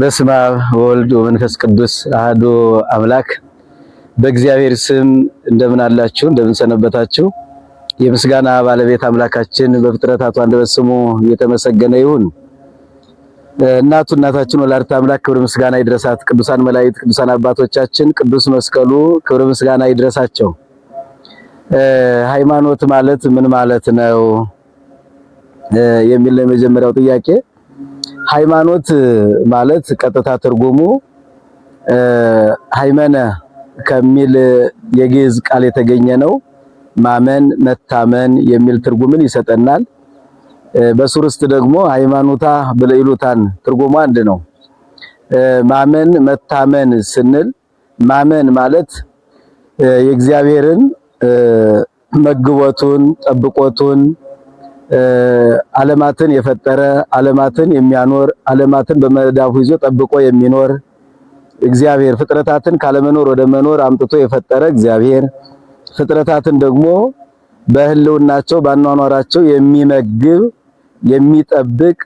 በስመ አብ መንፈስ ወመንፈስ ቅዱስ አህዶ አምላክ። በእግዚአብሔር ስም እንደምን አላችሁ? እንደምን ሰነበታችሁ? የምስጋና ባለቤት አምላካችን በፍጥረታቱ አንደበት ስሙ የተመሰገነ ይሁን። እናቱ እናታችን ወላዲተ አምላክ ክብር ምስጋና ይድረሳት። ቅዱሳን መላእክት፣ ቅዱሳን አባቶቻችን፣ ቅዱስ መስቀሉ ክብር ምስጋና ይድረሳቸው። ሃይማኖት ማለት ምን ማለት ነው የሚል ነው የመጀመሪያው ጥያቄ። ሃይማኖት ማለት ቀጥታ ትርጉሙ ሃይመነ ከሚል የግዕዝ ቃል የተገኘ ነው። ማመን መታመን የሚል ትርጉምን ይሰጠናል። በሱርስት ደግሞ ሃይማኖታ ብለው ትርጉሙ አንድ ነው። ማመን መታመን ስንል ማመን ማለት የእግዚአብሔርን መግቦቱን ጠብቆቱን ዓለማትን የፈጠረ ዓለማትን የሚያኖር ዓለማትን በመዳፉ ይዞ ጠብቆ የሚኖር እግዚአብሔር ፍጥረታትን ካለመኖር ወደ መኖር አምጥቶ የፈጠረ እግዚአብሔር ፍጥረታትን ደግሞ በህልውናቸው ባኗኗራቸው የሚመግብ የሚጠብቅ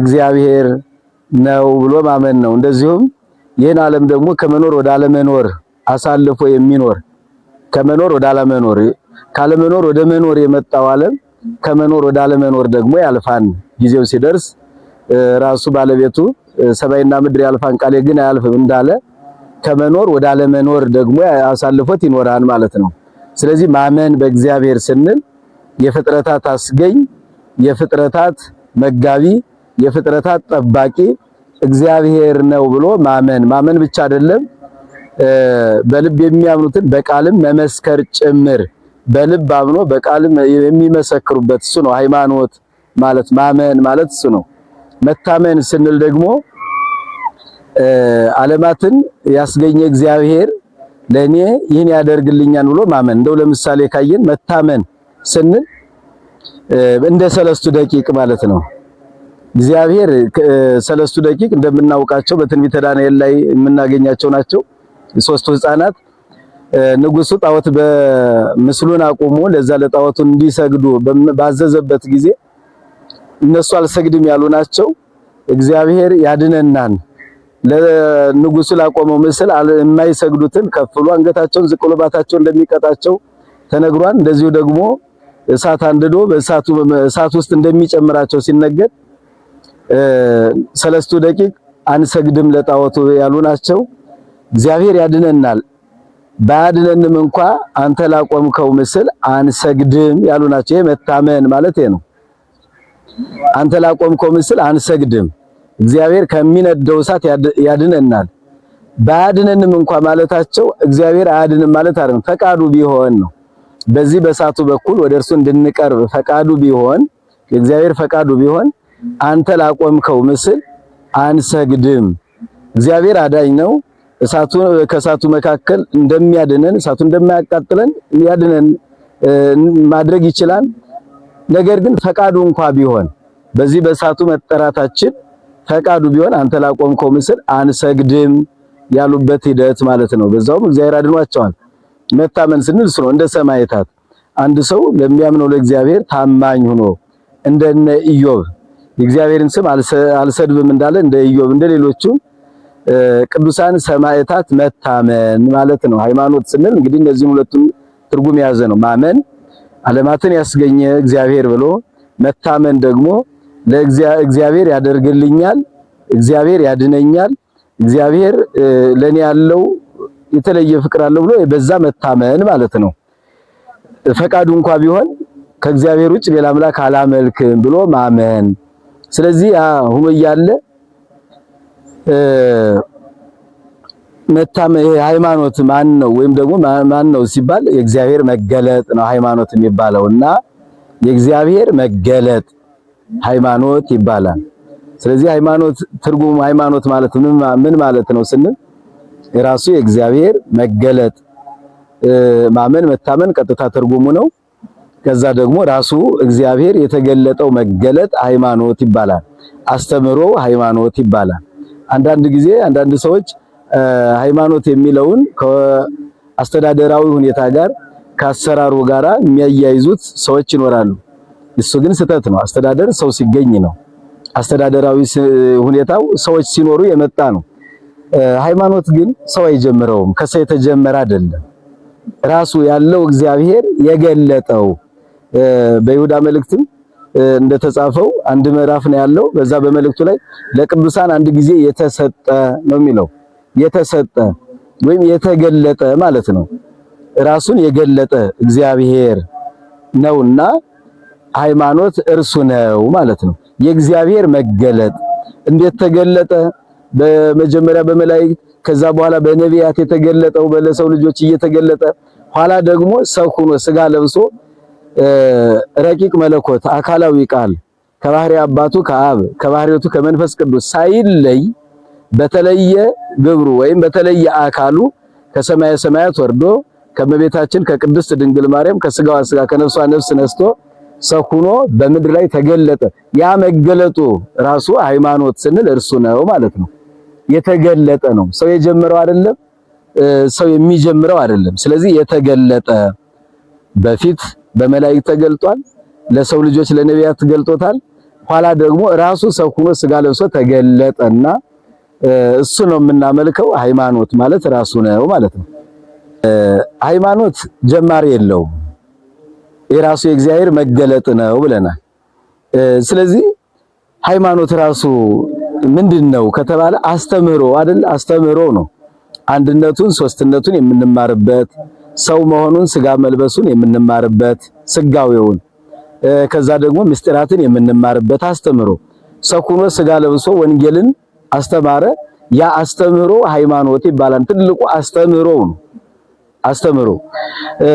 እግዚአብሔር ነው ብሎ ማመን ነው። እንደዚሁም ይህን ዓለም ደግሞ ከመኖር ወደ አለመኖር አሳልፎ የሚኖር ከመኖር ወደ አለመኖር ካለመኖር ወደ መኖር የመጣው ዓለም ከመኖር ወደ አለመኖር ደግሞ ያልፋን። ጊዜው ሲደርስ ራሱ ባለቤቱ ሰማይና ምድር ያልፋን ቃሌ ግን አያልፍም እንዳለ ከመኖር ወደ አለመኖር ደግሞ አሳልፎት ይኖራል ማለት ነው። ስለዚህ ማመን በእግዚአብሔር ስንል የፍጥረታት አስገኝ፣ የፍጥረታት መጋቢ፣ የፍጥረታት ጠባቂ እግዚአብሔር ነው ብሎ ማመን። ማመን ብቻ አይደለም፣ በልብ የሚያምኑትን በቃልም መመስከር ጭምር በልብ አምኖ በቃልም የሚመሰክሩበት እሱ ነው። ሃይማኖት ማለት ማመን ማለት እሱ ነው። መታመን ስንል ደግሞ ዓለማትን ያስገኘ እግዚአብሔር ለኔ ይህን ያደርግልኛል ብሎ ማመን። እንደው ለምሳሌ ካየን መታመን ስንል እንደ ሰለስቱ ደቂቅ ማለት ነው። እግዚአብሔር ሰለስቱ ደቂቅ እንደምናውቃቸው በትንቢተ ዳንኤል ላይ የምናገኛቸው ናቸው። ሶስቱ ሕፃናት ንጉሱ ጣዖት በምስሉን አቁሙ ለዛ ለጣዖቱ እንዲሰግዱ ባዘዘበት ጊዜ እነሱ አልሰግድም ያሉ ናቸው። እግዚአብሔር ያድነናን ለንጉሱ ላቆመው ምስል የማይሰግዱትን ከፍሎ አንገታቸውን ዝቅ ብሎ ባታቸውን እንደሚቀጣቸው ተነግሯን። እንደዚሁ ደግሞ እሳት አንድዶ በእሳቱ እሳት ውስጥ እንደሚጨምራቸው ሲነገር ሰለስቱ ደቂቅ አንሰግድም ለጣዖቱ ያሉ ናቸው። እግዚአብሔር ያድነናል ባያድነንም እንኳ አንተ ላቆምከው ምስል አንሰግድም ያሉ ናቸው። ይሄ መታመን ማለት ነው። አንተ ላቆምከው ምስል አንሰግድም። እግዚአብሔር ከሚነደው እሳት ያድነናል። ባያድነንም እንኳ ማለታቸው እግዚአብሔር አያድንም ማለት አይደለም፣ ፈቃዱ ቢሆን ነው። በዚህ በእሳቱ በኩል ወደ እርሱ እንድንቀርብ ፈቃዱ ቢሆን የእግዚአብሔር ፈቃዱ ቢሆን አንተ ላቆምከው ምስል አንሰግድም። እግዚአብሔር አዳኝ ነው። እሳቱ ከእሳቱ መካከል እንደሚያድነን እሳቱ እንደማያቃጥለን ያድነን ማድረግ ይችላል። ነገር ግን ፈቃዱ እንኳ ቢሆን በዚህ በእሳቱ መጠራታችን ፈቃዱ ቢሆን አንተ ላቆምከው ምስል አንሰግድም ያሉበት ሂደት ማለት ነው። በዛውም እግዚአብሔር አድኗቸዋል። መታመን ስንል እሱ ነው። እንደ ሰማዕታት አንድ ሰው ለሚያምነው ለእግዚአብሔር ታማኝ ሆኖ እንደነ ኢዮብ የእግዚአብሔርን ስም አልሰድብም እንዳለ እንደ ኢዮብ እንደሌሎቹም ቅዱሳን ሰማዕታት መታመን ማለት ነው። ሃይማኖት ስንል እንግዲህ እነዚህም ሁለቱም ትርጉም የያዘ ነው። ማመን ዓለማትን ያስገኘ እግዚአብሔር ብሎ መታመን ደግሞ ለእግዚአብሔር ያደርግልኛል፣ እግዚአብሔር ያድነኛል፣ እግዚአብሔር ለኔ ያለው የተለየ ፍቅር አለው ብሎ በዛ መታመን ማለት ነው። ፈቃዱ እንኳ ቢሆን ከእግዚአብሔር ውጭ ሌላ አምላክ አላመልክም ብሎ ማመን። ስለዚህ ያ ሁኖ እያለ መታመ ሃይማኖት ማን ነው ወይም ደግሞ ማን ነው ሲባል የእግዚአብሔር መገለጥ ነው ሃይማኖት የሚባለው እና የእግዚአብሔር መገለጥ ሃይማኖት ይባላል። ስለዚህ ሃይማኖት ትርጉም ሃይማኖት ማለት ምን ማለት ነው ስንል የራሱ የእግዚአብሔር መገለጥ ማመን መታመን ቀጥታ ትርጉሙ ነው። ከዛ ደግሞ ራሱ እግዚአብሔር የተገለጠው መገለጥ ሃይማኖት ይባላል። አስተምሮ ሃይማኖት ይባላል። አንዳንድ ጊዜ አንዳንድ ሰዎች ሃይማኖት የሚለውን ከአስተዳደራዊ ሁኔታ ጋር ከአሰራሩ ጋራ የሚያያይዙት ሰዎች ይኖራሉ። እሱ ግን ስህተት ነው። አስተዳደር ሰው ሲገኝ ነው። አስተዳደራዊ ሁኔታው ሰዎች ሲኖሩ የመጣ ነው። ሃይማኖት ግን ሰው አይጀምረውም። ከሰው የተጀመረ አይደለም። ራሱ ያለው እግዚአብሔር የገለጠው በይሁዳ መልእክትም እንደተጻፈው አንድ ምዕራፍ ነው ያለው። በዛ በመልእክቱ ላይ ለቅዱሳን አንድ ጊዜ የተሰጠ ነው የሚለው የተሰጠ ወይም የተገለጠ ማለት ነው። ራሱን የገለጠ እግዚአብሔር ነውና ሃይማኖት እርሱ ነው ማለት ነው። የእግዚአብሔር መገለጥ እንዴት ተገለጠ? በመጀመሪያ በመላእክት ከዛ በኋላ በነቢያት የተገለጠው በለሰው ልጆች እየተገለጠ ኋላ ደግሞ ሰው ሆኖ ስጋ ለብሶ ረቂቅ መለኮት አካላዊ ቃል ከባህሪ አባቱ ከአብ ከባህሪቱ ከመንፈስ ቅዱስ ሳይለይ በተለየ ግብሩ ወይም በተለየ አካሉ ከሰማየ ሰማያት ወርዶ ከመቤታችን ከቅድስት ድንግል ማርያም ከስጋዋ ስጋ ከነፍሷ ነፍስ ነስቶ ሰው ሆኖ በምድር ላይ ተገለጠ። ያ መገለጡ ራሱ ሃይማኖት ስንል እርሱ ነው ማለት ነው። የተገለጠ ነው። ሰው የጀመረው አይደለም፣ ሰው የሚጀምረው አይደለም። ስለዚህ የተገለጠ በፊት በመላእክት ተገልጧል። ለሰው ልጆች ለነቢያት ተገልጦታል። ኋላ ደግሞ ራሱ ሰው ሆኖ ስጋ ለብሶ ተገለጠና እሱ ነው የምናመልከው። ሃይማኖት ማለት ራሱ ነው ማለት ነው። ሃይማኖት ጀማሪ የለውም የራሱ የእግዚአብሔር መገለጥ ነው ብለናል። ስለዚህ ሃይማኖት ራሱ ምንድን ነው ከተባለ አስተምህሮ አይደል? አስተምህሮ ነው አንድነቱን ሶስትነቱን የምንማርበት ሰው መሆኑን ስጋ መልበሱን የምንማርበት ስጋዊውን ከዛ ደግሞ ምስጢራትን የምንማርበት አስተምሮ ሰው ሆኖ ስጋ ለብሶ ወንጌልን አስተማረ። ያ አስተምህሮ ሃይማኖት ይባላል። ትልቁ አስተምሮ አስተምሮ አስተምሮ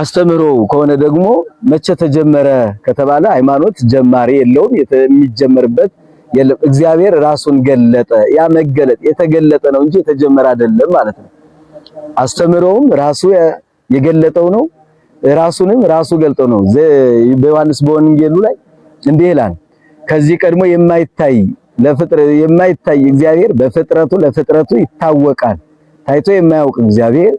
አስተምህሮው ከሆነ ደግሞ መቼ ተጀመረ ከተባለ ሃይማኖት ጀማሪ የለውም፣ የሚጀመርበት የለም። እግዚአብሔር ራሱን ገለጠ። ያ መገለጥ የተገለጠ ነው እንጂ የተጀመረ አይደለም ማለት ነው። አስተምህሮውም ራሱ የገለጠው ነው። ራሱንም ራሱ ገልጦ ነው። በዮሐንስ በወንጌሉ ላይ እንዲህ ይላል፣ ከዚህ ቀድሞ የማይታይ ለፍጥረ የማይታይ እግዚአብሔር በፍጥረቱ ለፍጥረቱ ይታወቃል። ታይቶ የማያውቅ እግዚአብሔር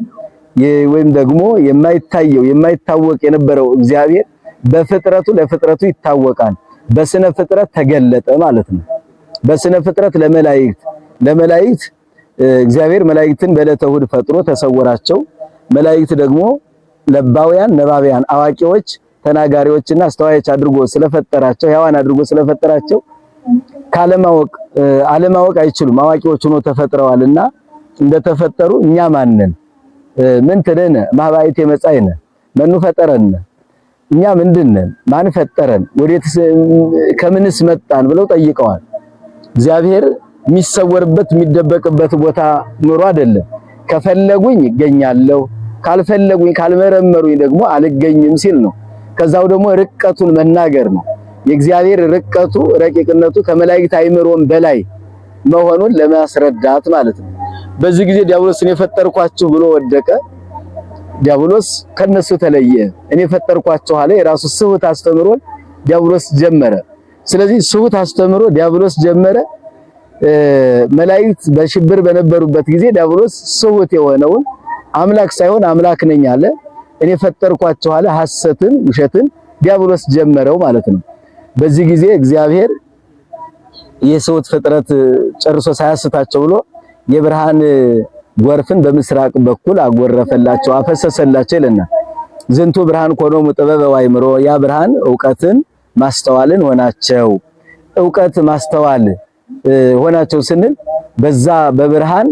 ወይም ደግሞ የማይታየው የማይታወቅ የነበረው እግዚአብሔር በፍጥረቱ ለፍጥረቱ ይታወቃል። በስነ ፍጥረት ተገለጠ ማለት ነው። በስነ ፍጥረት ለመላእክት ለመላእክት እግዚአብሔር መላእክትን በዕለተ እሑድ ፈጥሮ ተሰወራቸው። መላእክት ደግሞ ለባውያን፣ ነባቢያን፣ አዋቂዎች፣ ተናጋሪዎችና አስተዋዮች አድርጎ ስለፈጠራቸው ሕያዋን አድርጎ ስለፈጠራቸው ካለማወቅ አለማወቅ አይችሉም። አዋቂዎች ሆኖ ተፈጥረዋልና እንደተፈጠሩ እኛ ማንን ምን ትንነ ማባይት የመጻይነ መኑ ፈጠረን እኛ ምንድነን ማን ፈጠረን ወዴት ከምንስ መጣን ብለው ጠይቀዋል። እግዚአብሔር የሚሰወርበት የሚደበቅበት ቦታ ኑሮ አይደለም። ከፈለጉኝ ይገኛለሁ ካልፈለጉኝ ካልመረመሩኝ ደግሞ አልገኝም ሲል ነው። ከዛው ደግሞ ርቀቱን መናገር ነው። የእግዚአብሔር ርቀቱ ረቂቅነቱ ከመላእክት አይምሮም በላይ መሆኑን ለማስረዳት ማለት ነው። በዚህ ጊዜ ዲያብሎስን የፈጠርኳችሁ ብሎ ወደቀ። ዲያብሎስ ከነሱ ተለየ። እኔ ፈጠርኳችሁ አለ። የራሱ ስሁት አስተምሮ ዲያብሎስ ጀመረ። ስለዚህ ስሁት አስተምሮ ዲያብሎስ ጀመረ። መላእክት በሽብር በነበሩበት ጊዜ ዲያብሎስ ስሁት የሆነውን አምላክ ሳይሆን አምላክ ነኝ አለ። እኔ ፈጠርኳቸው አለ። ሐሰትን ውሸትን ዲያብሎስ ጀመረው ማለት ነው። በዚህ ጊዜ እግዚአብሔር የሰውት ፍጥረት ጨርሶ ሳያስታቸው ብሎ የብርሃን ጎርፍን በምስራቅ በኩል አጎረፈላቸው አፈሰሰላቸው ይለናል። ዝንቱ ብርሃን ኮኖሙ ጥበበ ወአእምሮ፣ ያ ብርሃን ዕውቀትን ማስተዋልን ሆናቸው። ዕውቀት ማስተዋል ሆናቸው ስንል በዛ በብርሃን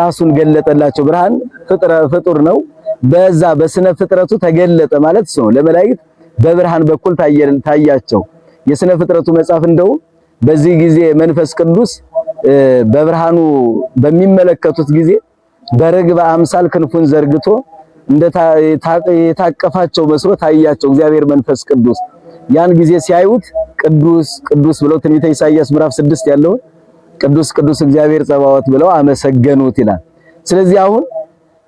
ራሱን ገለጠላቸው። ብርሃን ፍጡር ነው። በዛ በስነ ፍጥረቱ ተገለጠ ማለት እሱ ነው። ለመላእክት በብርሃን በኩል ታያቸው። የስነ ፍጥረቱ መጽሐፍ እንደውም በዚህ ጊዜ መንፈስ ቅዱስ በብርሃኑ በሚመለከቱት ጊዜ በርግብ አምሳል ክንፉን ዘርግቶ እንደ የታቀፋቸው መስሎ ታያቸው እግዚአብሔር መንፈስ ቅዱስ። ያን ጊዜ ሲያዩት ቅዱስ ቅዱስ ብለው ትንቢተ ኢሳይያስ ምዕራፍ ስድስት ያለውን ቅዱስ ቅዱስ እግዚአብሔር ጸባዖት ብለው አመሰገኑት ይላል። ስለዚህ አሁን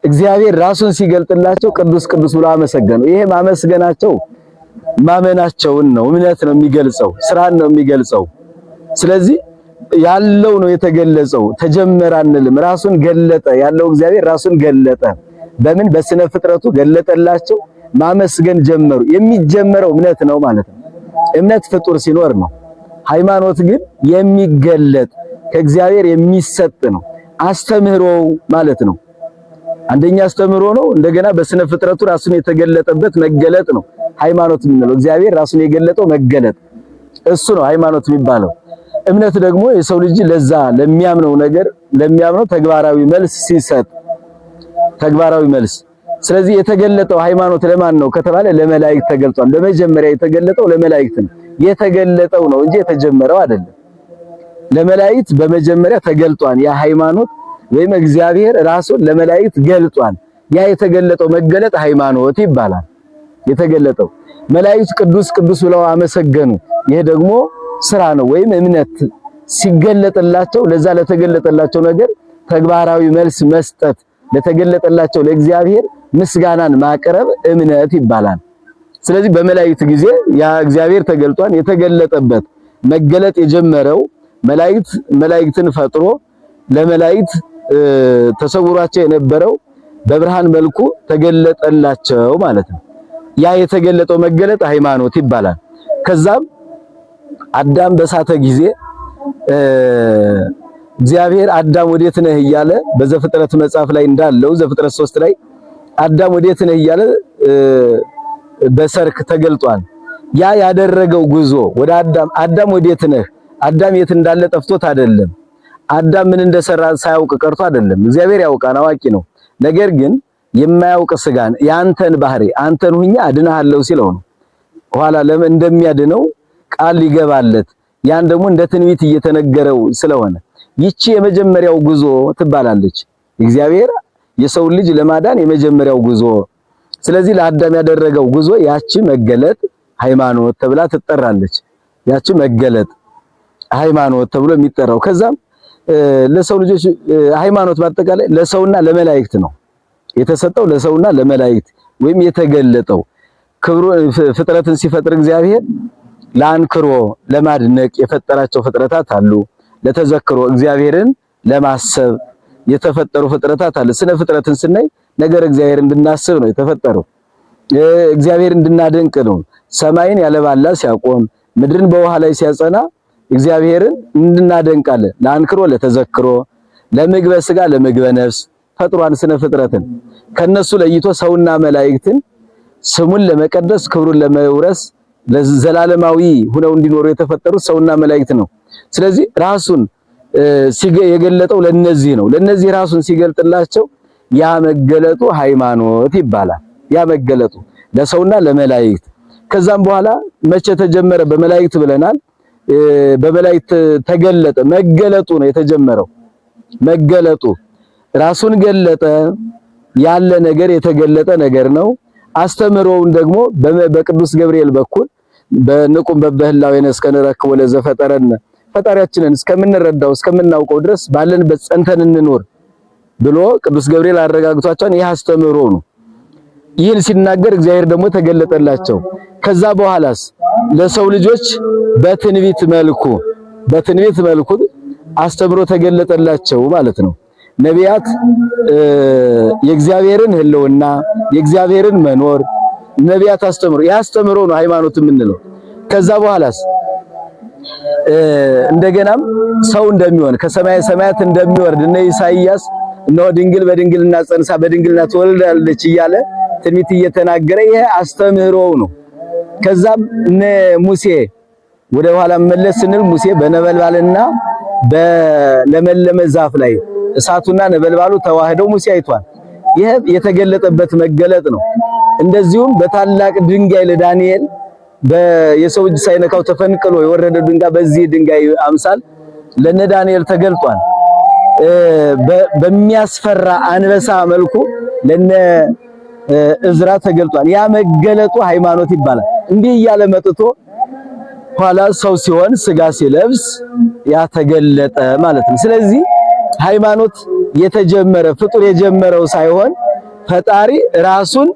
እግዚአብሔር ራሱን ሲገልጥላቸው ቅዱስ ቅዱስ ብሎ አመሰገኑ። ይሄ ማመስገናቸው ማመናቸውን ነው፣ እምነት ነው የሚገልጸው፣ ስራን ነው የሚገልጸው። ስለዚህ ያለው ነው የተገለጸው። ተጀመረ አንልም፣ ራሱን ገለጠ። ያለው እግዚአብሔር ራሱን ገለጠ። በምን በስነ ፍጥረቱ ገለጠላቸው። ማመስገን ጀመሩ። የሚጀመረው እምነት ነው ማለት ነው። እምነት ፍጡር ሲኖር ነው። ሃይማኖት ግን የሚገለጥ ከእግዚአብሔር የሚሰጥ ነው። አስተምህሮው ማለት ነው። አንደኛ አስተምሮ ነው። እንደገና በስነ ፍጥረቱ ራሱን የተገለጠበት መገለጥ ነው ሃይማኖት የምንለው። እግዚአብሔር ራሱን የገለጠው መገለጥ እሱ ነው ሃይማኖት የሚባለው። እምነት ደግሞ የሰው ልጅ ለዛ ለሚያምነው ነገር ለሚያምነው ተግባራዊ መልስ ሲሰጥ ተግባራዊ መልስ። ስለዚህ የተገለጠው ሃይማኖት ለማን ነው ከተባለ ለመላእክት ተገልጧል። ለመጀመሪያ የተገለጠው ለመላእክት ነው። የተገለጠው ነው እንጂ የተጀመረው አይደለም። ለመላእክት በመጀመሪያ ተገልጧል ያ ሃይማኖት ወይም እግዚአብሔር ራሱን ለመላእክት ገልጧል። ያ የተገለጠው መገለጥ ሃይማኖት ይባላል። የተገለጠው መላእክት ቅዱስ ቅዱስ ብለው አመሰገኑ። ይሄ ደግሞ ስራ ነው ወይም እምነት ሲገለጥላቸው ለዛ ለተገለጠላቸው ነገር ተግባራዊ መልስ መስጠት ለተገለጠላቸው ለእግዚአብሔር ምስጋናን ማቅረብ እምነት ይባላል። ስለዚህ በመላእክት ጊዜ ያ እግዚአብሔር ተገልጧል። የተገለጠበት መገለጥ የጀመረው መላእክት መላእክትን ፈጥሮ ለመላእክት ተሰውሯቸው የነበረው በብርሃን መልኩ ተገለጠላቸው ማለት ነው። ያ የተገለጠው መገለጥ ሃይማኖት ይባላል። ከዛም አዳም በሳተ ጊዜ እግዚአብሔር አዳም ወዴት ነህ እያለ በዘፍጥረት መጽሐፍ ላይ እንዳለው ዘፍጥረት ሶስት ላይ አዳም ወዴት ነህ እያለ በሰርክ ተገልጧል። ያ ያደረገው ጉዞ ወደ አዳም አዳም ወዴት ነህ አዳም የት እንዳለ ጠፍቶት አይደለም። አዳም ምን እንደሰራ ሳያውቅ ቀርቶ አይደለም። እግዚአብሔር ያውቃል፣ አዋቂ ነው። ነገር ግን የማያውቅ ስጋን የአንተን ባህሪ አንተን ሁኛ አድንሃለሁ ሲለው ነው። ኋላ ለምን እንደሚያድነው ቃል ሊገባለት ያን ደግሞ እንደ ትንቢት እየተነገረው ስለሆነ ይቺ የመጀመሪያው ጉዞ ትባላለች። እግዚአብሔር የሰው ልጅ ለማዳን የመጀመሪያው ጉዞ። ስለዚህ ለአዳም ያደረገው ጉዞ ያቺ መገለጥ ሃይማኖት ተብላ ትጠራለች። ያቺ መገለጥ ሃይማኖት ተብሎ የሚጠራው ከዛም ለሰው ልጆች ሃይማኖት በአጠቃላይ ለሰውና ለመላእክት ነው የተሰጠው። ለሰውና ለመላእክት ወይም የተገለጠው ክብሩ ፍጥረትን ሲፈጥር እግዚአብሔር ለአንክሮ ለማድነቅ የፈጠራቸው ፍጥረታት አሉ። ለተዘክሮ እግዚአብሔርን ለማሰብ የተፈጠሩ ፍጥረታት አሉ። ስነ ፍጥረትን ስናይ ነገር እግዚአብሔር እንድናስብ ነው የተፈጠረው። እግዚአብሔር እንድናደንቅ ነው። ሰማይን ያለባላ ሲያቆም ምድርን በውሃ ላይ ሲያጸና እግዚአብሔርን እንድናደንቃለን። ለአንክሮ ለተዘክሮ፣ ለምግበ ስጋ፣ ለምግበ ነፍስ ፈጥሯን ስነ ፍጥረትን ከነሱ ለይቶ ሰውና መላእክትን ስሙን ለመቀደስ ክብሩን ለመውረስ ዘላለማዊ ሁነው እንዲኖሩ የተፈጠሩት ሰውና መላእክት ነው። ስለዚህ ራሱን የገለጠው ለነዚህ ነው። ለነዚህ ራሱን ሲገልጥላቸው ያ መገለጡ ሃይማኖት ይባላል። ያ መገለጡ ለሰውና ለመላእክት ከዛም በኋላ መቼ ተጀመረ? በመላእክት ብለናል። በበላይ ተገለጠ። መገለጡ ነው የተጀመረው። መገለጡ ራሱን ገለጠ። ያለ ነገር የተገለጠ ነገር ነው። አስተምሮውን ደግሞ በቅዱስ ገብርኤል በኩል በንቁም በበህላዊ ነስ ከነረክቦ ፈጣሪያችንን እስከምንረዳው እስከምናውቀው ድረስ ባለንበት ጸንተን እንኖር ብሎ ቅዱስ ገብርኤል አረጋግቷቸውን ይህ አስተምሮ ነው። ይህን ሲናገር እግዚአብሔር ደግሞ ተገለጠላቸው። ከዛ በኋላስ ለሰው ልጆች በትንቢት መልኩ በትንቢት መልኩ አስተምሮ ተገለጠላቸው ማለት ነው። ነቢያት የእግዚአብሔርን ሕልውና የእግዚአብሔርን መኖር ነቢያት አስተምሮ ያስተምሮ ነው ሃይማኖት የምንለው። ከዛ በኋላስ እንደገናም ሰው እንደሚሆን ከሰማይ ሰማያት እንደሚወርድ እነ ኢሳይያስ እነሆ ድንግል በድንግልና ጸንሳ በድንግልና ትወልዳለች እያለ ትንቢት እየተናገረ ይሄ አስተምህሮው ነው። ከዛም ሙሴ ወደ ኋላ መለስ ስንል ሙሴ በነበልባልና በለመለመ ዛፍ ላይ እሳቱና ነበልባሉ ተዋህደው ሙሴ አይቷል። ይህ የተገለጠበት መገለጥ ነው። እንደዚሁም በታላቅ ድንጋይ ለዳንኤል የሰው እጅ ሳይነካው ተፈንቅሎ የወረደ ድንጋይ በዚህ ድንጋይ አምሳል ለነ ዳንኤል ተገልጧል። በሚያስፈራ አንበሳ መልኩ ለነ እዝራ ተገልጧል። ያ መገለጡ ሃይማኖት ይባላል። እንዲህ እያለ መጥቶ ኋላ ሰው ሲሆን ስጋ ሲለብስ ያተገለጠ ማለት ነው። ስለዚህ ሃይማኖት የተጀመረ ፍጡር የጀመረው ሳይሆን ፈጣሪ ራሱን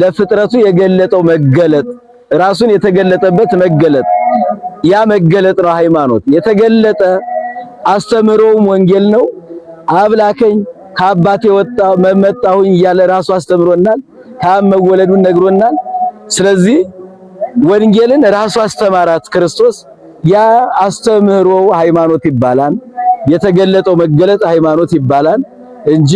ለፍጥረቱ የገለጠው መገለጥ ራሱን የተገለጠበት መገለጥ ያ መገለጥ ነው። ሃይማኖት የተገለጠ አስተምህሮውም ወንጌል ነው። አብላከኝ ከአባቴ ወጣ መመጣሁኝ እያለ ራሱ አስተምሮናል። ከአብ መወለዱን ነግሮናል። ስለዚህ ወንጌልን ራሱ አስተማራት ክርስቶስ። ያ አስተምህሮ ሃይማኖት ይባላል። የተገለጠው መገለጥ ሃይማኖት ይባላል እንጂ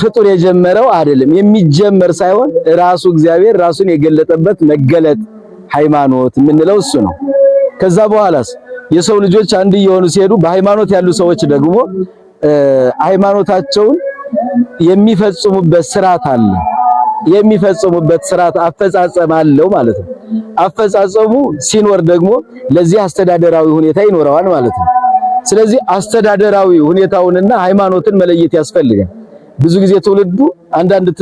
ፍጡር የጀመረው አይደለም። የሚጀመር ሳይሆን ራሱ እግዚአብሔር ራሱን የገለጠበት መገለጥ ሃይማኖት የምንለው እሱ ነው። ከዛ በኋላስ የሰው ልጆች አንድ እየሆኑ ሲሄዱ በሃይማኖት ያሉ ሰዎች ደግሞ ሃይማኖታቸውን የሚፈጽሙበት ስርዓት አለ። የሚፈጽሙበት ስርዓት አፈጻጸም አለው ማለት ነው። አፈጻጸሙ ሲኖር ደግሞ ለዚህ አስተዳደራዊ ሁኔታ ይኖረዋል ማለት ነው። ስለዚህ አስተዳደራዊ ሁኔታውንና ሃይማኖትን መለየት ያስፈልጋል። ብዙ ጊዜ ትውልዱ አንዳንድ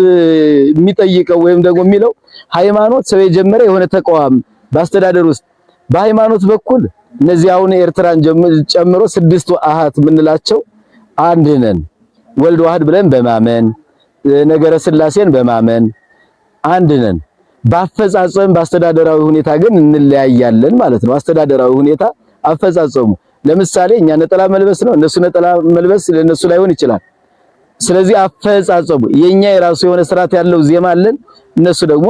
የሚጠይቀው ወይም ደግሞ የሚለው ሃይማኖት ሰው የጀመረ የሆነ ተቋም በአስተዳደር ውስጥ በሃይማኖት በኩል እነዚህ አሁን ኤርትራን ጨምሮ ስድስቱ አሃት የምንላቸው አንድ ነን ወልድ ዋህድ ብለን በማመን ነገረ ስላሴን በማመን አንድ ነን በአፈጻጸም በአስተዳደራዊ ሁኔታ ግን እንለያያለን ማለት ነው። አስተዳደራዊ ሁኔታ አፈጻጸሙ ለምሳሌ እኛ ነጠላ መልበስ ነው፣ እነሱ ነጠላ መልበስ ለነሱ ላይሆን ይችላል። ስለዚህ አፈጻጸሙ የኛ የራሱ የሆነ ስርዓት ያለው ዜማ አለን። እነሱ ደግሞ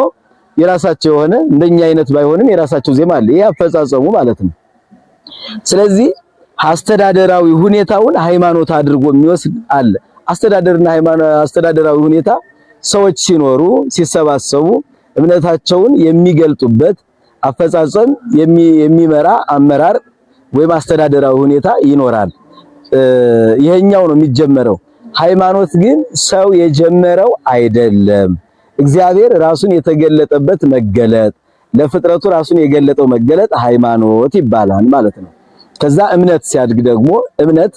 የራሳቸው የሆነ እንደኛ አይነት ባይሆንም የራሳቸው ዜማ አለ። ይሄ አፈጻጸሙ ማለት ነው። ስለዚህ አስተዳደራዊ ሁኔታውን ሃይማኖት አድርጎ የሚወስድ አለ። አስተዳደርና ሃይማኖት አስተዳደራዊ ሁኔታ ሰዎች ሲኖሩ ሲሰባሰቡ እምነታቸውን የሚገልጡበት አፈጻጸም የሚመራ አመራር ወይም አስተዳደራዊ ሁኔታ ይኖራል። ይሄኛው ነው የሚጀመረው። ሃይማኖት ግን ሰው የጀመረው አይደለም። እግዚአብሔር ራሱን የተገለጠበት መገለጥ፣ ለፍጥረቱ ራሱን የገለጠው መገለጥ ሃይማኖት ይባላል ማለት ነው። ከዛ እምነት ሲያድግ ደግሞ እምነት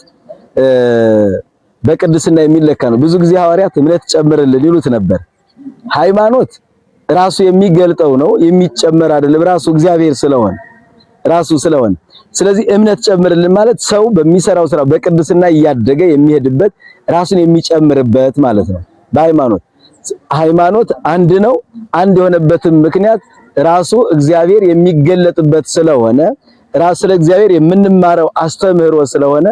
በቅድስና የሚለካ ነው። ብዙ ጊዜ ሐዋርያት እምነት ጨምርልን ይሉት ነበር። ሃይማኖት ራሱ የሚገልጠው ነው የሚጨመር አይደለም። ራሱ እግዚአብሔር ስለሆነ ራሱ ስለሆነ ስለዚህ እምነት ጨምርልን ማለት ሰው በሚሰራው ስራ በቅድስና እያደገ የሚሄድበት ራሱን የሚጨምርበት ማለት ነው። በሃይማኖት ሃይማኖት አንድ ነው። አንድ የሆነበትም ምክንያት ራሱ እግዚአብሔር የሚገለጥበት ስለሆነ ራሱ ስለ እግዚአብሔር የምንማረው አስተምህሮ ስለሆነ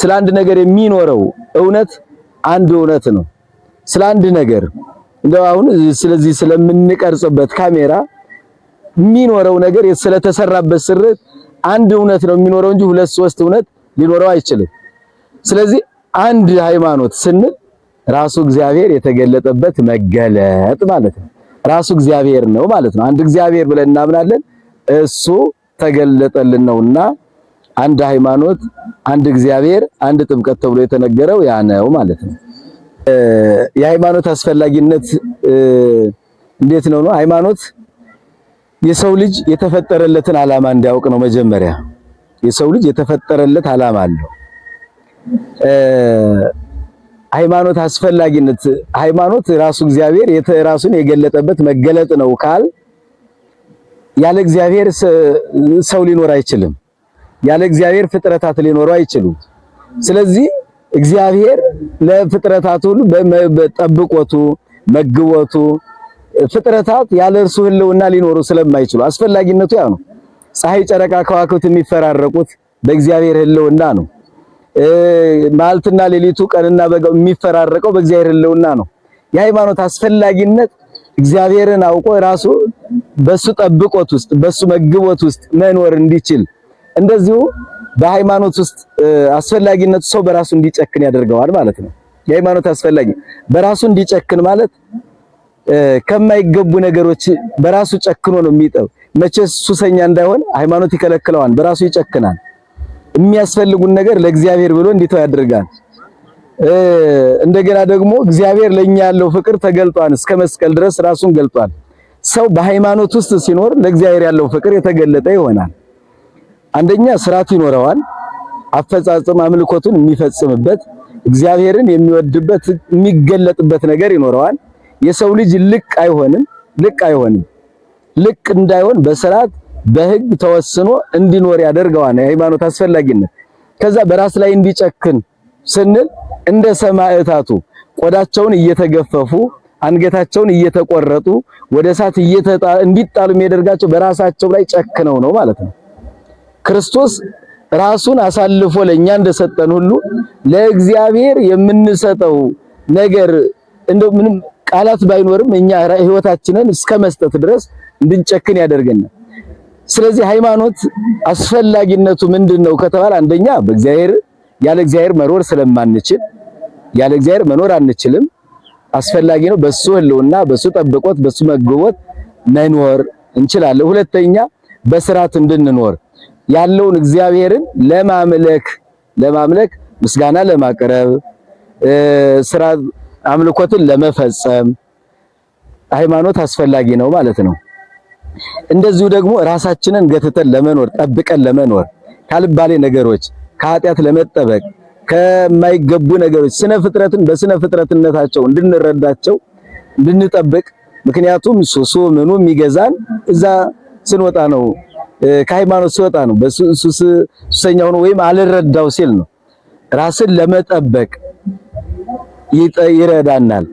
ስለ አንድ ነገር የሚኖረው እውነት አንድ እውነት ነው። ስለ አንድ ነገር አሁን ስለዚህ ስለምንቀርጽበት ካሜራ የሚኖረው ነገር ስለተሰራበት ስርት አንድ እውነት ነው የሚኖረው እንጂ ሁለት ሶስት እውነት ሊኖረው አይችልም። ስለዚህ አንድ ሃይማኖት ስንል ራሱ እግዚአብሔር የተገለጠበት መገለጥ ማለት ነው። ራሱ እግዚአብሔር ነው ማለት ነው። አንድ እግዚአብሔር ብለን እናምናለን፣ እሱ ተገለጠልን ነውና አንድ ሃይማኖት፣ አንድ እግዚአብሔር፣ አንድ ጥምቀት ተብሎ የተነገረው ያ ነው ማለት ነው። የሃይማኖት አስፈላጊነት እንዴት ነው ነው? ሃይማኖት የሰው ልጅ የተፈጠረለትን ዓላማ እንዲያውቅ ነው። መጀመሪያ የሰው ልጅ የተፈጠረለት ዓላማ አለው። ሃይማኖት አስፈላጊነት ሃይማኖት ራሱ እግዚአብሔር ራሱን የገለጠበት መገለጥ ነው ካል ያለ እግዚአብሔር ሰው ሊኖር አይችልም። ያለ እግዚአብሔር ፍጥረታት ሊኖሩ አይችሉም። ስለዚህ እግዚአብሔር ለፍጥረታት ሁሉ በጠብቆቱ መግቦቱ ፍጥረታት ያለ እርሱ ህልውና ሊኖሩ ስለማይችሉ አስፈላጊነቱ ያ ነው። ፀሐይ፣ ጨረቃ፣ ከዋክብት የሚፈራረቁት በእግዚአብሔር ህልውና ነው። ማልትና ሌሊቱ ቀንና በጋው የሚፈራረቀው በእግዚአብሔር ህልውና ነው። የሃይማኖት አስፈላጊነት እግዚአብሔርን አውቆ ራሱ በሱ ጠብቆት ውስጥ በሱ መግቦት ውስጥ መኖር እንዲችል እንደዚሁ በሃይማኖት ውስጥ አስፈላጊነቱ ሰው በራሱ እንዲጨክን ያደርገዋል ማለት ነው። የሃይማኖት አስፈላጊ በራሱ እንዲጨክን ማለት ከማይገቡ ነገሮች በራሱ ጨክኖ ነው የሚጠው። መቼስ ሱሰኛ እንዳይሆን ሃይማኖት ይከለክለዋል፣ በራሱ ይጨክናል። የሚያስፈልጉን ነገር ለእግዚአብሔር ብሎ እንዲተው ያደርጋል። እንደገና ደግሞ እግዚአብሔር ለኛ ያለው ፍቅር ተገልጧል፣ እስከ መስቀል ድረስ ራሱን ገልጧል። ሰው በሃይማኖት ውስጥ ሲኖር ለእግዚአብሔር ያለው ፍቅር የተገለጠ ይሆናል። አንደኛ ስርዓት ይኖረዋል። አፈጻጸም አምልኮቱን የሚፈጽምበት እግዚአብሔርን የሚወድበት የሚገለጥበት ነገር ይኖረዋል። የሰው ልጅ ልቅ አይሆንም፣ ልቅ አይሆንም። ልቅ እንዳይሆን በስርዓት በህግ ተወስኖ እንዲኖር ያደርገዋል የሃይማኖት አስፈላጊነት። ከዛ በራስ ላይ እንዲጨክን ስንል እንደ ሰማዕታቱ ቆዳቸውን እየተገፈፉ አንገታቸውን እየተቆረጡ ወደ እሳት እንዲጣሉ የሚያደርጋቸው በራሳቸው ላይ ጨክነው ነው ማለት ነው። ክርስቶስ ራሱን አሳልፎ ለኛ እንደሰጠን ሁሉ ለእግዚአብሔር የምንሰጠው ነገር እንደው ምንም ቃላት ባይኖርም እኛ ህይወታችንን እስከ መስጠት ድረስ እንድንጨክን ያደርገናል። ስለዚህ ሃይማኖት አስፈላጊነቱ ምንድነው ከተባለ አንደኛ በእግዚአብሔር ያለ እግዚአብሔር መኖር ስለማንችል ያለ እግዚአብሔር መኖር አንችልም። አስፈላጊ ነው። በሱ ህልውና፣ በሱ ጠብቆት፣ በሱ መግቦት መኖር እንችላለን። ሁለተኛ በስርዓት እንድንኖር ያለውን እግዚአብሔርን ለማምለክ ለማምለክ ምስጋና ለማቅረብ ስራ አምልኮትን ለመፈጸም ሃይማኖት አስፈላጊ ነው ማለት ነው። እንደዚሁ ደግሞ ራሳችንን ገትተን ለመኖር ጠብቀን ለመኖር ካልባሌ ነገሮች ከኃጢአት ለመጠበቅ ከማይገቡ ነገሮች ስነ ፍጥረትን በስነ ፍጥረትነታቸው እንድንረዳቸው እንድንጠብቅ፣ ምክንያቱም ሱሱ ምኑ የሚገዛን እዛ ስንወጣ ነው። ከሃይማኖት ሲወጣ ነው። በሱስ ሱሰኛው ነው ወይም አልረዳው ሲል ነው። ራስን ለመጠበቅ ይረዳናል።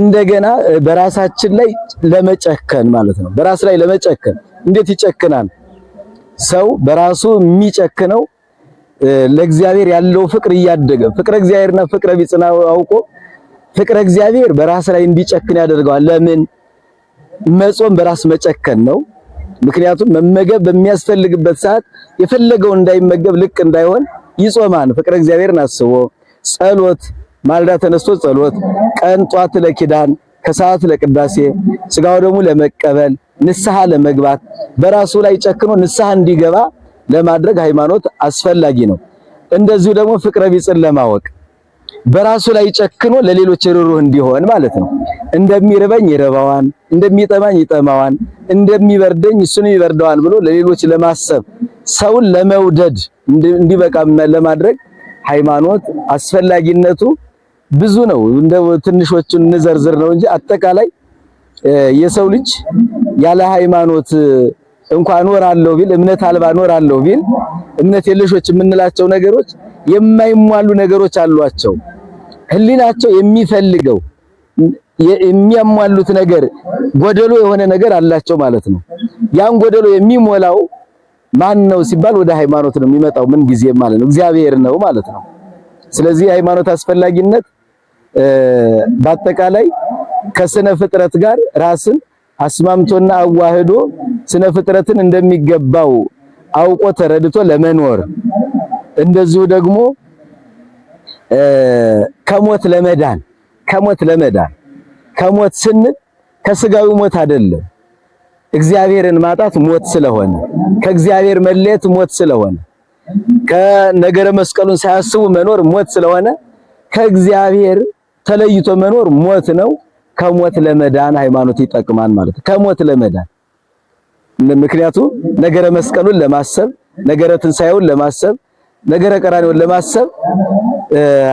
እንደገና በራሳችን ላይ ለመጨከን ማለት ነው። በራስ ላይ ለመጨከን እንዴት ይጨክናል? ሰው በራሱ የሚጨክነው ለእግዚአብሔር ያለው ፍቅር እያደገ ፍቅረ እግዚአብሔርና ፍቅረ ቢጽና አውቆ ፍቅረ እግዚአብሔር በራስ ላይ እንዲጨክን ያደርገዋል። ለምን መጾም በራስ መጨከን ነው። ምክንያቱም መመገብ በሚያስፈልግበት ሰዓት የፈለገው እንዳይመገብ ልክ እንዳይሆን ይጾማን ፍቅረ እግዚአብሔርን አስቦ ጸሎት፣ ማልዳ ተነስቶ ጸሎት፣ ቀን ጧት ለኪዳን ከሰዓት ለቅዳሴ ስጋው ደግሞ ለመቀበል ንስሐ ለመግባት በራሱ ላይ ጨክኖ ንስሐ እንዲገባ ለማድረግ ሃይማኖት አስፈላጊ ነው። እንደዚሁ ደግሞ ፍቅረ ቢጽን ለማወቅ በራሱ ላይ ጨክኖ ለሌሎች ርሩህ እንዲሆን ማለት ነው። እንደሚርበኝ ይረባዋን እንደሚጠማኝ ይጠማዋል፣ እንደሚበርደኝ እሱን ይበርደዋል ብሎ ለሌሎች ለማሰብ ሰውን ለመውደድ እንዲበቃ ለማድረግ ሃይማኖት አስፈላጊነቱ ብዙ ነው። እንደ ትንሾቹን እንዘርዝር ነው እንጂ አጠቃላይ የሰው ልጅ ያለ ሃይማኖት እንኳን እኖራለሁ ቢል እምነት አልባ እኖራለሁ ቢል እምነት የለሾች የምንላቸው ነገሮች የማይሟሉ ነገሮች አሏቸው። ህሊናቸው የሚፈልገው የሚያሟሉት ነገር ጎደሎ የሆነ ነገር አላቸው ማለት ነው። ያን ጎደሎ የሚሞላው ማን ነው ሲባል ወደ ሃይማኖት ነው የሚመጣው ምን ጊዜ ማለት ነው፣ እግዚአብሔር ነው ማለት ነው። ስለዚህ የሃይማኖት አስፈላጊነት በአጠቃላይ ከስነ ፍጥረት ጋር ራስን አስማምቶና አዋህዶ ስነ ፍጥረትን እንደሚገባው አውቆ ተረድቶ ለመኖር እንደዚሁ ደግሞ ከሞት ለመዳን ከሞት ለመዳን ከሞት ስንል ከስጋዊ ሞት አይደለም። እግዚአብሔርን ማጣት ሞት ስለሆነ ከእግዚአብሔር መለየት ሞት ስለሆነ ከነገረ መስቀሉን ሳያስቡ መኖር ሞት ስለሆነ ከእግዚአብሔር ተለይቶ መኖር ሞት ነው። ከሞት ለመዳን ሃይማኖት ይጠቅማል ማለት ነው። ከሞት ለመዳን ምክንያቱም ነገረ መስቀሉን ለማሰብ፣ ነገረ ትንሳኤውን ለማሰብ፣ ነገረ ቀራኔውን ለማሰብ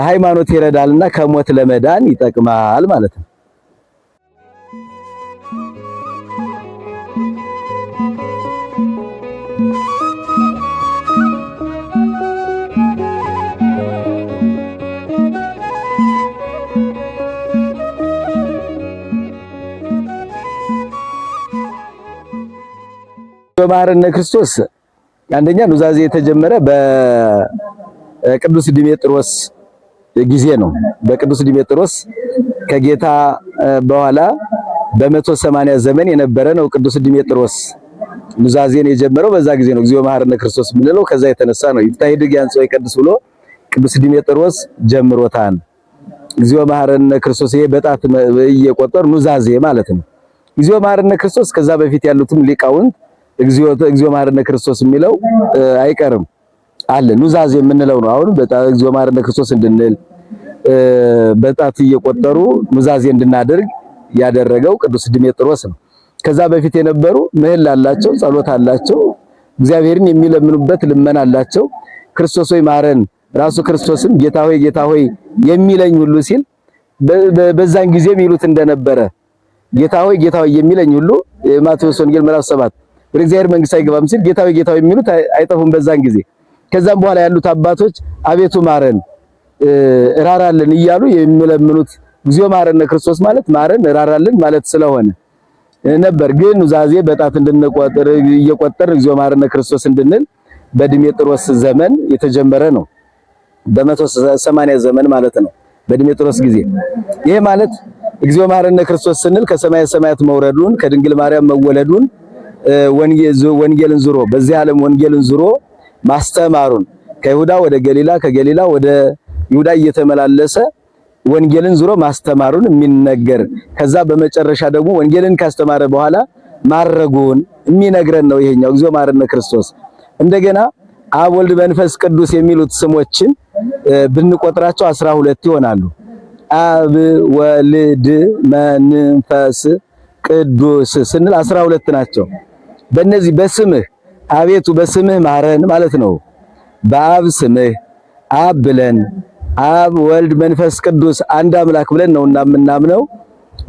ሃይማኖት ይረዳልና ከሞት ለመዳን ይጠቅማል ማለት ነው። በባህርነ ክርስቶስ አንደኛ ኑዛዜ የተጀመረ በቅዱስ ዲሜጥሮስ ጊዜ ነው። በቅዱስ ዲሜጥሮስ ከጌታ በኋላ በመቶ ሰማንያ ዘመን የነበረ ነው። ቅዱስ ዲሜጥሮስ ኑዛዜን የጀመረው በዛ ጊዜ ነው። እግዚኦ መሐረነ ክርስቶስ የምንለው ከዛ የተነሳ ነው። ይፍታህ ድግ ያንጽሖ ይቀድስ ብሎ ቅዱስ ዲሜጥሮስ ጀምሮታል። እግዚኦ መሐረነ ክርስቶስ ይሄ በጣት እየቆጠር ኑዛዜ ማለት ነው። እግዚኦ መሐረነ ክርስቶስ ከዛ በፊት ያሉትም ሊቃውንት እግዚኦ እግዚኦ ክርስቶስ የሚለው አይቀርም አለ። ኑዛዜ የምንለው ነው። አሁን በጣ እግዚኦ መሐረነ ክርስቶስ እንድንል በጣት እየቆጠሩ ኑዛዜ እንድናደርግ ያደረገው ቅዱስ ድሜጥሮስ ነው። ከዛ በፊት የነበሩ ምህል አላቸው፣ ጸሎት አላቸው፣ እግዚአብሔርን የሚለምኑበት ልመና አላቸው። ክርስቶስ ሆይ ማረን፣ ራሱ ክርስቶስም ጌታ ሆይ ጌታ ሆይ የሚለኝ ሁሉ ሲል በዛን ጊዜም ይሉት እንደነበረ ጌታ ሆይ ጌታ ሆይ የሚለኝ ሁሉ ማቴዎስ ወንጌል ምዕራፍ ሰባት ወደ እግዚአብሔር መንግስት አይገባም ሲል ጌታዊ ጌታዊ የሚሉት አይጠፉም በዛን ጊዜ። ከዛም በኋላ ያሉት አባቶች አቤቱ ማረን፣ እራራልን እያሉ የሚለምኑት እግዚኦ ማረነ ክርስቶስ ማለት ማረን እራራልን ማለት ስለሆነ ነበር። ግን ኑዛዜ በጣት እንድንቆጥር እየቆጠር እግዚኦ ማረነ ክርስቶስ እንድንል በድሜጥሮስ ዘመን የተጀመረ ነው። በመቶ ሰማንያ ዘመን ማለት ነው። በድሜጥሮስ ጊዜ ይሄ ማለት እግዚኦ ማረነ ክርስቶስ ስንል ከሰማየ ሰማያት መውረዱን ከድንግል ማርያም መወለዱን ወንጌልን ዙሮ በዚህ ዓለም ወንጌልን ዙሮ ማስተማሩን ከይሁዳ ወደ ገሊላ ከገሊላ ወደ ይሁዳ እየተመላለሰ ወንጌልን ዙሮ ማስተማሩን የሚነገር ከዛ በመጨረሻ ደግሞ ወንጌልን ካስተማረ በኋላ ማረጉን የሚነግረን ነው። ይሄኛው እግዚኦ ማረነ ክርስቶስ። እንደገና አብ ወልድ መንፈስ ቅዱስ የሚሉት ስሞችን ብንቆጥራቸው አስራ ሁለት ይሆናሉ። አብ ወልድ መንፈስ ቅዱስ ስንል አስራ ሁለት ናቸው። በእነዚህ በስምህ አቤቱ በስምህ ማረን ማለት ነው። በአብ ስምህ አብ ብለን አብ ወልድ መንፈስ ቅዱስ አንድ አምላክ ብለን ነው እና የምናምነው።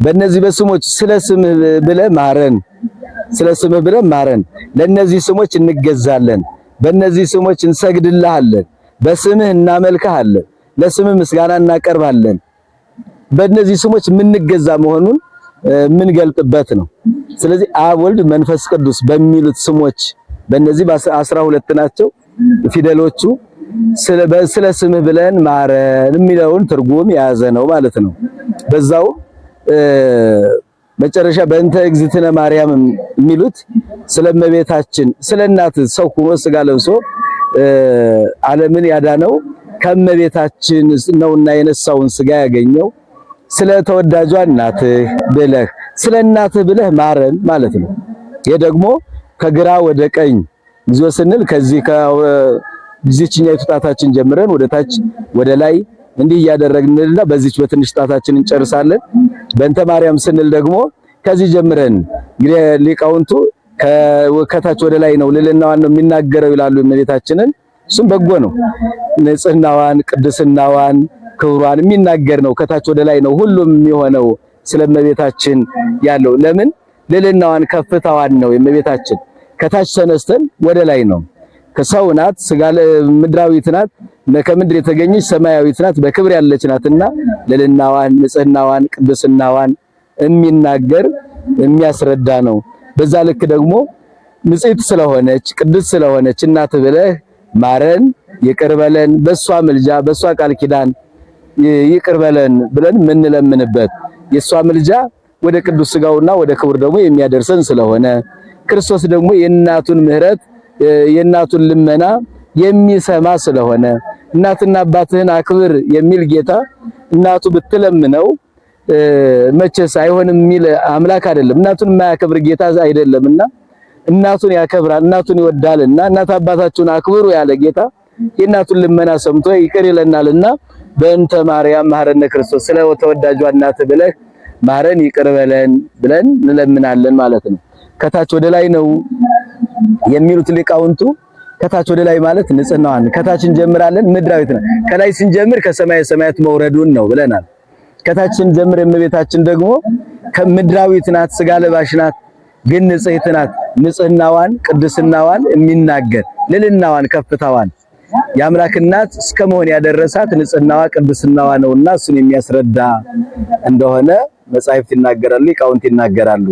በእነዚህ በስሞች ስለ ስምህ ብለህ ማረን፣ ስለ ስምህ ብለህ ማረን። ለእነዚህ ስሞች እንገዛለን፣ በእነዚህ ስሞች እንሰግድልሃለን፣ በስምህ እናመልክሃለን፣ ለስምህ ምስጋና እናቀርባለን። በእነዚህ ስሞች የምንገዛ መሆኑን የምንገልጥበት ነው። ስለዚህ አብ ወልድ መንፈስ ቅዱስ በሚሉት ስሞች በእነዚህ በአስራ ሁለት ናቸው ፊደሎቹ። ስለ ስምህ ብለን ማረን የሚለውን ትርጉም የያዘ ነው ማለት ነው። በዛው መጨረሻ በእንተ እግዝእትነ ማርያም የሚሉት ስለ እመቤታችን ስለ እናት ሰው ሆኖ ስጋ ለብሶ ዓለምን ያዳነው ከእመቤታችን ነውና የነሳውን ስጋ ያገኘው ስለ ተወዳጇ እናትህ ብለህ ስለ እናትህ ብለህ ማረን ማለት ነው። ይህ ደግሞ ከግራ ወደ ቀኝ ጉዞ ስንል ከዚህ ከዚህችኛይቱ ጣታችን ጀምረን ወደ ታች ወደ ላይ እንዲህ እያደረግንልና በዚች በትንሽ ጣታችን እንጨርሳለን። በእንተ ማርያም ስንል ደግሞ ከዚህ ጀምረን እንግዲህ ሊቃውንቱ ከታች ወደ ላይ ነው ልዕልናዋን ነው የሚናገረው ይላሉ እመቤታችንን። እሱም በጎ ነው። ንጽህናዋን፣ ቅድስናዋን፣ ክብሯን የሚናገር ነው። ከታች ወደ ላይ ነው ሁሉም የሚሆነው ስለ እመቤታችን ያለው ለምን ልልናዋን ከፍታዋን ነው የእመቤታችን። ከታች ተነስተን ወደ ላይ ነው። ከሰው ናት ስጋ ምድራዊት ናት፣ ከምድር የተገኘች ሰማያዊት ናት፣ በክብር ያለች ናትና ልልናዋን ንጽህናዋን፣ ቅድስናዋን የሚናገር የሚያስረዳ ነው። በዛ ልክ ደግሞ ንጽህት ስለሆነች ቅድስት ስለሆነች እናት ብለህ ማረን ይቅር በሷ ምልጃ በሷ ቃል ኪዳን ይቅር ብለን የምንለምንበት። የእሷ ምልጃ ወደ ቅዱስ ስጋውና ወደ ክቡር ደግሞ የሚያደርሰን ስለሆነ ክርስቶስ ደግሞ የእናቱን ምሕረት የእናቱን ልመና የሚሰማ ስለሆነ እናትና አባትህን አክብር የሚል ጌታ እናቱ ብትለምነው መቼስ አይሆንም የሚል አምላክ አይደለም። እናቱን የማያከብር ጌታ አይደለምና እናቱን ያከብራል፣ እናቱን ይወዳልና እናት አባታችሁን አክብሩ ያለ ጌታ የእናቱን ልመና ሰምቶ ይቅር ይለናልና በእንተ ማርያም ማህረነ ክርስቶስ ስለ ተወዳጇ እናት ብለህ ማረን ይቅር በለን ብለን እንለምናለን ማለት ነው። ከታች ወደ ላይ ነው የሚሉት ሊቃውንቱ። ከታች ወደ ላይ ማለት ንጽህናዋን ከታች እንጀምራለን። ምድራዊት ነው። ከላይ ስንጀምር ከሰማይ ሰማያት መውረዱን ነው ብለናል። ከታች ስንጀምር የእመቤታችን ደግሞ ከምድራዊት ናት፣ ስጋ ለባሽ ናት፣ ግን ንጽሕት ናት። ንጽህናዋን ቅድስናዋን የሚናገር ልልናዋን ከፍታዋን የአምላክ እናት እስከ መሆን ያደረሳት ንጽህናዋ ቅድስናዋ ነውና እሱን የሚያስረዳ እንደሆነ መጻሕፍት ይናገራሉ፣ ሊቃውንት ይናገራሉ።